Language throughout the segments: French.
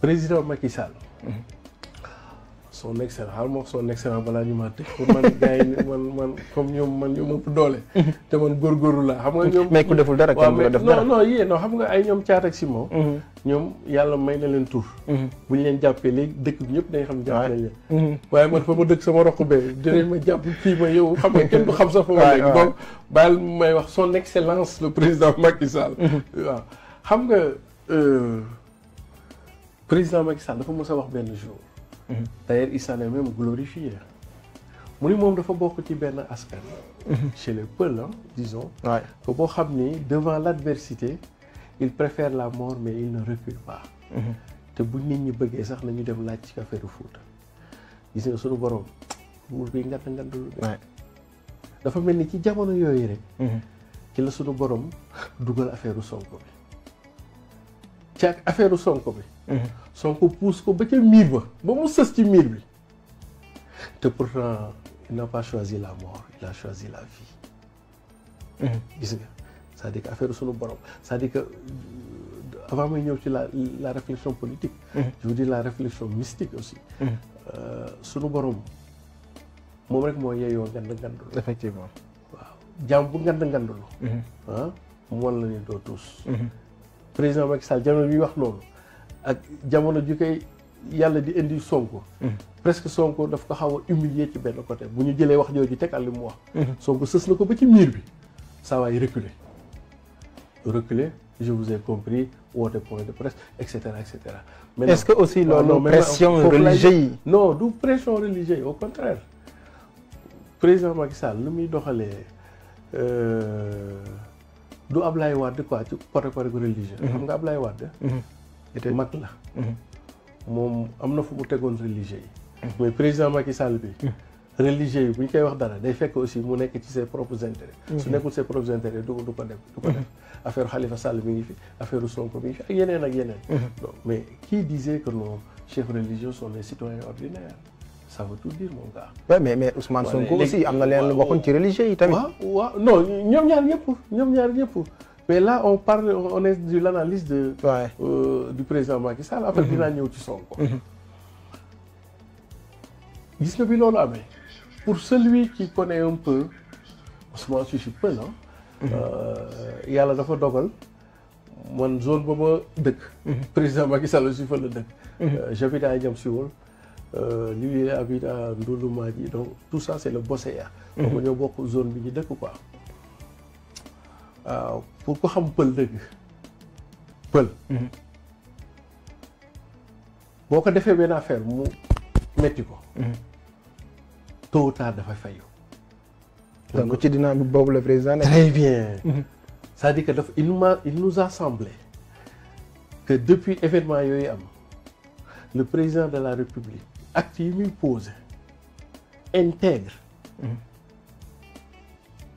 président Macky Sall. son excellence xaaral son excellence bala ñu ma tëj pour man gaay yi man man comme ñom man ñom upp doole. te man gor goru la xam nga ñom mais ku deful dara kenn nga def dara non non yé non xam nga ay ñom caat ak simo ñom yalla may na leen tour bu ñu leen jàppee léegi dëkk bi ñëpp dañ xam jappé lé waye man fa ma dëkk sama roq bé dinañ ma japp fii ma yow xam nga kenn du xam sa fa ma nekk. donc baal may wax son excellence le président Macky Sall. xam nga. euh président Macky Sall dafa mës a wax benn jour. Mhm. d'ailleurs il s'en est même glorifié. mu ni moom dafa bokk ci benn askan. Mhm. chez les Peuls hein, disons. waay que boo xam ni devant l'adversité il préfère la mort mais il ne recule pas. Mhm. te bu nit ñi bëggee sax nañu dem laaj ci affaire Fouta. gis nga suñu borom nguur bi ngand ngandul. dafa mel ni ci jamono yooyu rek. ci la suñu borom dugal affaire Sonko bi. ci ak affaire Sonko bi. Mm-hmm. son ko pousse ko ba ca miir ba ba mu sës ci miir bi te pourtant il n'a pas choisi la mort il a choisi la vie. Mm-hmm. gis nga c'est-à-dire que affaire sunu borom c'est-à-dire que euh, avant may ñëw ci la la réflexion politique. Mm-hmm. je veux dire la réflexion mystique aussi. Euh, sunu borom moom rek moo yeyoo ngand ngandul. effectivement waaw jaam bu ngand ngandul. ah mu wan la ne doo tuus. président Macky Sall jamono bi wax loolu ak jamono ju yalla di indi Sonko. Hmm. presque Sonko daf ko xaw a humilier ci ben côté buñu ñu wax jooju tegal li wax. Hmm. Sonko seus na ba ci miir bi Ça va reculer reculer je vous ai compris woote point de presse Etc. Etc. mais est-ce que aussi loolu pression religieuse non du pression religieuse au contraire président Macky Sall lu muy euh du Ablaye Wade quoi ci à côté religieux. Hmm. xam nga Ablaye Wade mag la mhm. moom am na fu mu religieux yi mhm. mais président Macky Sall bi mhm. religieux yi bu ñu koy wax dara day fekk aussi mu nekk ci ses propres intérêts su nekkul ses propres intérêts du du ko def du affaire Khalifa Sall mi ngi fi affaire Sonko mi ngi fi ak yeneen ak mais qui disait que nos chefs religieux sont des citoyens ordinaires ça veut tout dire mon gars. Ouais, mais mais Ousmane Sonko aussi am na leen ci religieux tamit. non ñoom ñaar ñëpp ñoom ñaar ñëpp mais là on parle on est de l'analyse de. Ouais. Euh, du président Macky Sall. après où mhm. tu ci quoi dis mhm. le bi là mais pour celui qui connaît un peu moi je suis peu là. la dafa dogal mon zone ba ma dëkk. Mhm. président Macky Sall aussi fa le dëkk. Euh, j'habite à Ndiamsiwol. Euh, lui il habite à Ndoulou Madji donc tout ça c'est le Bosséya. donc a beaucoup zone bi ñu dëkk quoi pour ko xam pël dëgg pël mhm. boo ko defee benn affaire mu metti ko mhm. tôt ou tard dafay fayu donc ci dynamique boobu le président très bien mhm. c'est-à-dire que daf il il nous a semblé que depuis événement yooyu am le président de la république acte yi muy posé intègre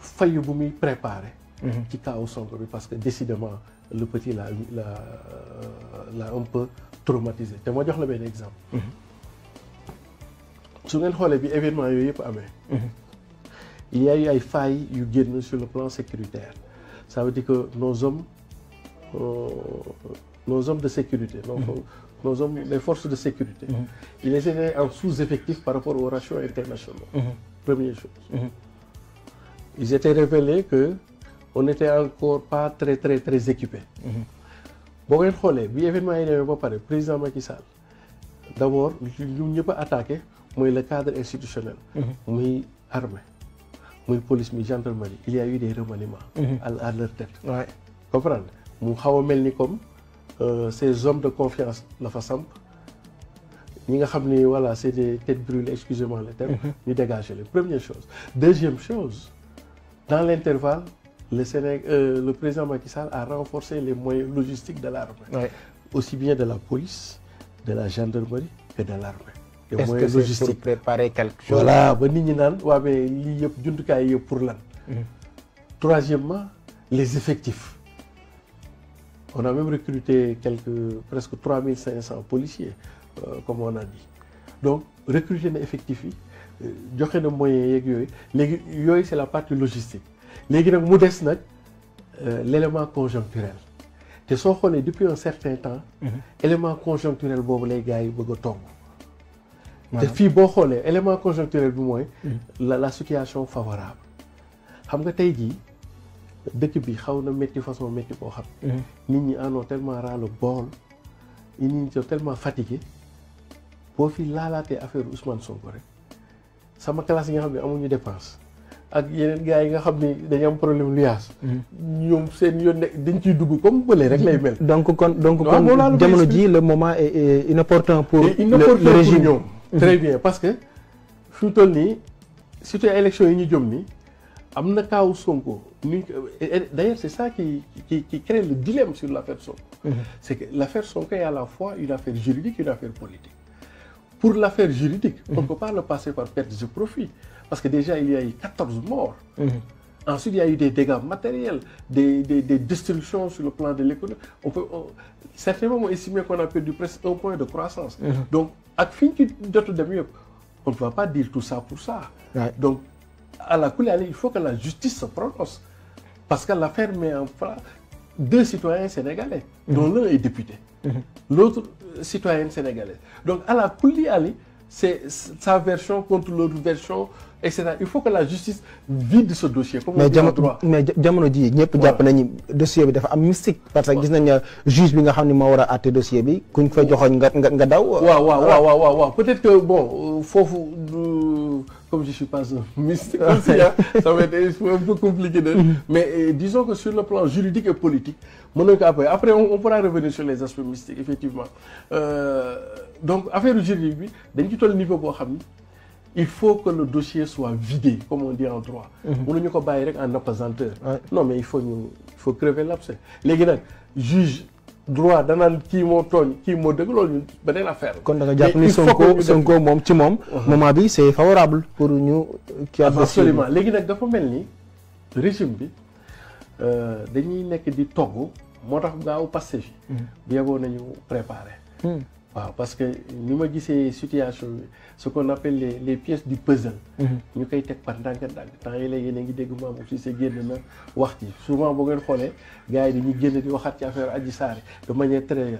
fayu bu muy préparé Mhm. qui ta au centre parce que décidément le petit la un peu traumatisé Je vais exemple mhm. mhm. il y a eu un failles sur le plan sécuritaire ça veut dire que nos hommes euh, nos hommes de sécurité nos, hommes les forces de sécurité ils étaient en sous-effectif par rapport aux ratios internationaux première chose ils étaient révélés que on n'était encore pas très très très équipé. Mhm. boo ngeen xoolee bi événement yi président Macky Sall d'abord, nous attaqué mais le cadre institutionnel. Mhm. muy armée mais police mais gendarmerie il y a eu des remaniements. Mhm. à leur tête. Ouais. comprendre mu xaw a euh, ces hommes de confiance la fa ñi voilà c'était des têtes brûlées excusez-moi le terme. ñu dégager première chose deuxième chose dans l'intervalle, euh, le, président Macky Sall a renforcé les moyens logistiques de l'armée, aussi bien de la police, de la gendarmerie que de l'armée. Les Est moyens que logistiques. Pour préparer quelque chose. Voilà, ben, pour l'an. Mm-hmm. Troisièmement, les effectifs. On a même recruté quelques, presque 3500 policiers, euh, comme on a dit. Donc, recruter les effectifs, euh, les moyens, c'est la partie logistique léegi nak mu des nag euh, l'élément conjoncturel Té so xone depuis un certain temps. Mhm. élément conjoncturel bobu lay gars yi bëgg a Té fi bo boo élément conjoncturel bu moy mhm. la la situation favorable. xam nga tay ji dëkk bi xaw na métti façon metti boo xam. Mhm. nit ñi en ont tellement ras le bol. ñi ñi sont tellement fatigué boo fi laalaatee affaire Ousmane Sonko rek sama classe yi nga xam ne amuñu dépense ak y a yi nga dañu am problème luyaas. Mhm. ñoom seen yoon ne ciy dugg comme donc kon donc jamono ji le moment est important pour. le régime mhm. très bien parce que fi si tu nii surtout élection yi ñu jëm ni am na kaawu Sonko d'ailleurs c'est ça qui qui crée le dilemme sur l'affaire Sonko. Mhm. c'est que l'affaire Sonko est à la fois une affaire juridique et une affaire politique. pour l'affaire juridique. on ne peut pas le passer par perte de profit. Parce que déjà, il y a eu 14 morts. Mhm. Ensuite, il y a eu des dégâts matériels, des, destructions sur le plan de l'économie. On peut, on, certainement, ici qu'on a perdu presque un point de croissance. Mhm. Donc, à fin de mieux, on ne va pas dire tout ça pour ça. Donc, à la coulée, il faut que la justice se prononce. Parce que l'affaire met en place deux citoyens sénégalais, dont mhm. l'un est député, l'autre euh, citoyenne sénégalaise. Donc, à la coulée, c'est sa version contre l'autre version, etc. Il faut que la justice vide ce dossier. Comme mais on dit droit. mais pas ji ñëpp dossier bi dafa mystique. parce que gis a juge bi nga xam ne dossier war a dossier bi kuñ fa joxoñ nga nga peut-être que bon vous euh, comme je suis pas un mystique hein, ça va être un peu compliqué mais euh, disons que sur le plan juridique et politique après on, pourra revenir sur les aspects mystiques effectivement. Euh, donc affaire juridique bi dañ niveau il faut que le dossier soit vidé comme on dit en droit. Mhm. ñu ko rek en apesanteur. non mais il faut il faut crever l'abcès Les juge droit qui qui mo togn ki affaire da nga ni Sonko Sonko ci uh-huh. mom c'est favorable pour ñu. a absolument légui nak dafa melni régime bi euh, dañuy nekk di togg motax gaaw passé mhm. bi préparé. Hmm parce que ni ma gisee situation ce qu'on appelle les pièces du puzzle. Mhm. ñu koy teg par ndànk-ndànk temps yi léegi yéen a ngi dégg maam aussi sa génn na wax ci souvent boo ngeen xoolee gars yi dañuy génn di waxaat ci affaire Adji Sarr de manière très. Euh,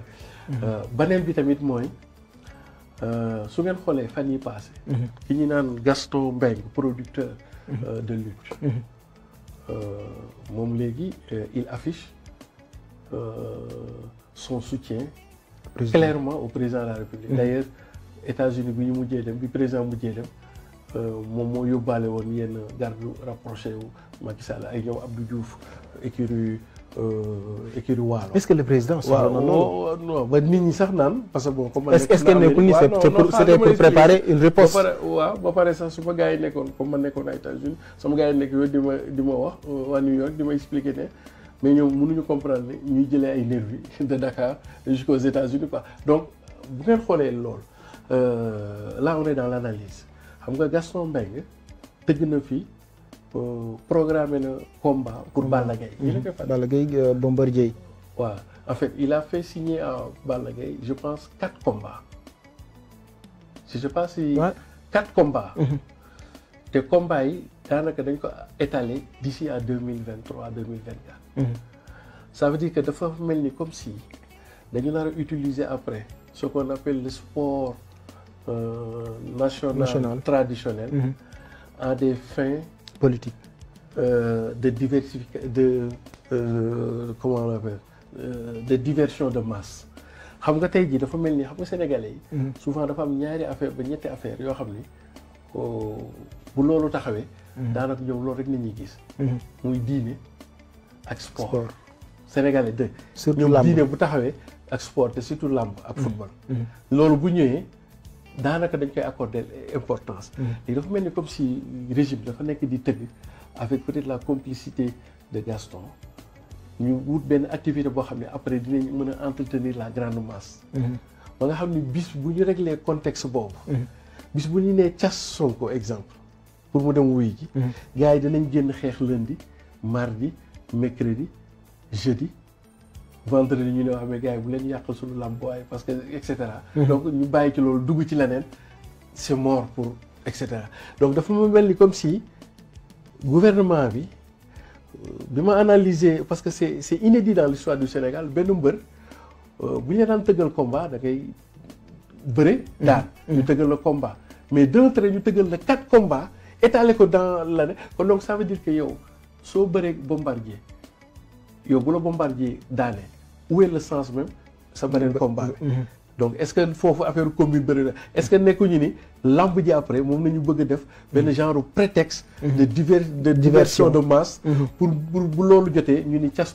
mhm. beneen bi tamit mooy euh, su ngeen xoolee fan yi passé mhm. ki ñu gasto Gaston producteur. Euh, de lutte. moom légui il affiche son soutien président clairement au président de la République. Mm-hmm. d'ailleurs États-Unis bi ñu mujjee dem bi président mujjee dem euh, moom moo yóbbaale woon yenn garde rapproché wu Macky Sall ay ñoom Abdou Diouf écurie euh, écurie est ce que le président. soxla non oh, oh, non ba nit ñi sax naan parce que bon. comme est ce que nekkul ni c' C'était pour préparer une réponse. waaw ba pare sax su ma gars yi comme ma nekkoon aux États-Unis je suis yi nekk ma di ma wax euh, New York di ma expliqué mais nous comprenons comprendre nous ñuy jëlee ay nervi de Dakar jusqu'aux États-Unis donc vous ngeen euh, là on est dans l'analyse xam nga Gaston Mbengue tëgg na pour euh, programmer combat pour Balagay. Mm-hmm. Balagay, euh, Bombardier. en fait il a fait signer à Balagay, je pense quatre combats si je pas si. quatre combats. Des mm-hmm. combats daanaka dañ ko étaler d'ici à 2023 2024. Mhm. ça veut dire que dafa mel ni comme si dañu nar a utiliser après ce qu'on appelle le sport euh, national, national, traditionnel mm -hmm. à des fins politiques euh, de diversification de euh, comment on l'appelle euh, de diversion de masse xam nga tey jii dafa mel ni xam nga sénégalais yi mhm. souvent dafa am ñaari affaire ba ñetti affaire yoo xam ni oh, bu loolu taxawee Mm-hmm. daanaka yow loolu rek la ñuy gis. Mm-hmm. muy diine ak sport. Sénégalais de. surtout ñoom diine bu taxawee ak sport te surtout làmb ak mm-hmm. football. loolu bu ñëwee daanaka dañ koy accorder importance. léegi dafa mel ni comme si régime dafa nekk di tëgg avec peut-être la complicité de Gaston. ñu wut benn activité boo xam ne après dinañ mën a entretenir la grande masse. ba nga xam ne bis bu ñu réglé contexte boobu. bis bu ñu nee cas Sonko exemple pour mu dem wuy mm-hmm. gars yi lundi mardi mercredi jeudi vendredi ñu gars parce que etc mm-hmm. donc ñu bàyyi ci c'est mort pour etc donc dafa comme si gouvernement bi analyser parce que c'est inédit dans l'histoire du Sénégal benn mbër euh, bu combat da ngay bëre. Mm-hmm. combat mais d'autres, trait ñu quatre combats dans l'année donc ça veut dire que si soo bombardier yo bombardier où est le sens même être un combat mhm. donc est-ce faut faire une commune est-ce que nekkuñu ni après mhm. genre prétexte mhm. de de diversion de masse pour pour le ni chasse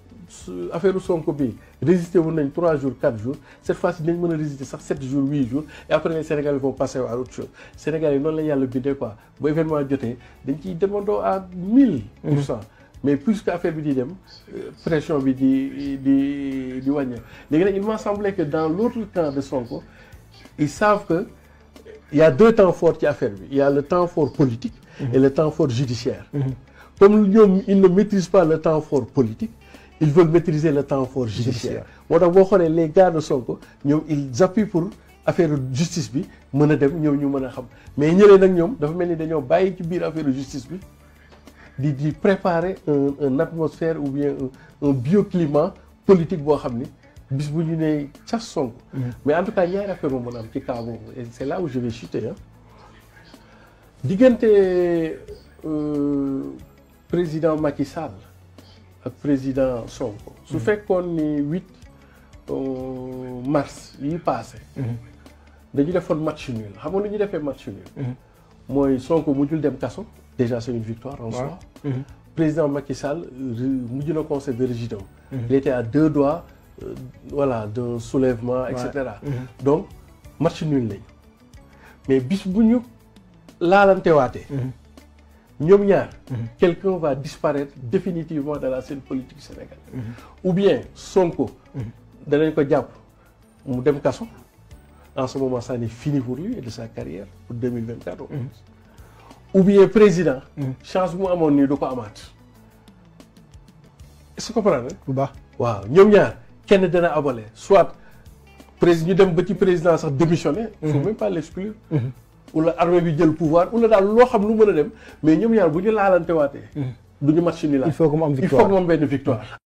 affaire Sonko bi résister woon 3 jours 4 jours cette fois ci nous résister 7 jours 8 jours et après les Sénégalais vont passer à autre chose Sénégalais non noonu la yalla bindee quoi bu événement joté dañ à 1000 mhm. mais plus qu'à affaire bi di euh, pression bi di di di il m'a semblé que dans l'autre temps de Sonko ils savent que il y a deux temps forts qui affaire bi il y a le temps fort politique mhm. et le temps fort judiciaire mhm. comme ils ne maîtrisent pas le temps fort politique ils veulent maîtriser le temps fort judiciaire On a les gars de Sonko ils appuient pour affaire justice bi mën a dem Mais ñu y a xam mais ñëlee nag ñoom dafa mel ni dañoo ci justice bi préparer un un atmosphère ou bien un, un bioclimat politique Bo xam bis bu ñu mm. mais en tout cas il affaire a am ci mon ami. et c'est là où je vais chuter ah euh, président Macky Sall le président Sonko. su qu'on mm-hmm. est huit euh, mars yi passé. Mm-hmm. dañu un match nul xam nga lu ñu defee match nul. Mm-hmm. mooy Sonko mujjul dem kaso. déjà c'est une victoire en soi. président Macky Sall mujj na conseil de régime. il était à deux doigts euh, voilà de soulèvement etc. cetera. donc match nul lañu mais bis bu ñu laalanteewaatee. Mhm. quelqu'un va disparaître mhm. définitivement dans la scène politique sénégalaise mhm. ou bien Sonko dans ko jàpp mu en ce moment ça n'est fini pour lui et de sa carrière pour 2024 ou bien président chance moi à mon nii pas ko est-ce que vous bu baax qui est ñaar kenn dana soit président ñu président ça démissionner il faut même pas l'exclure on a bi pouvoir On a loo mais nous la mm. il faut que il faut que nous victoire.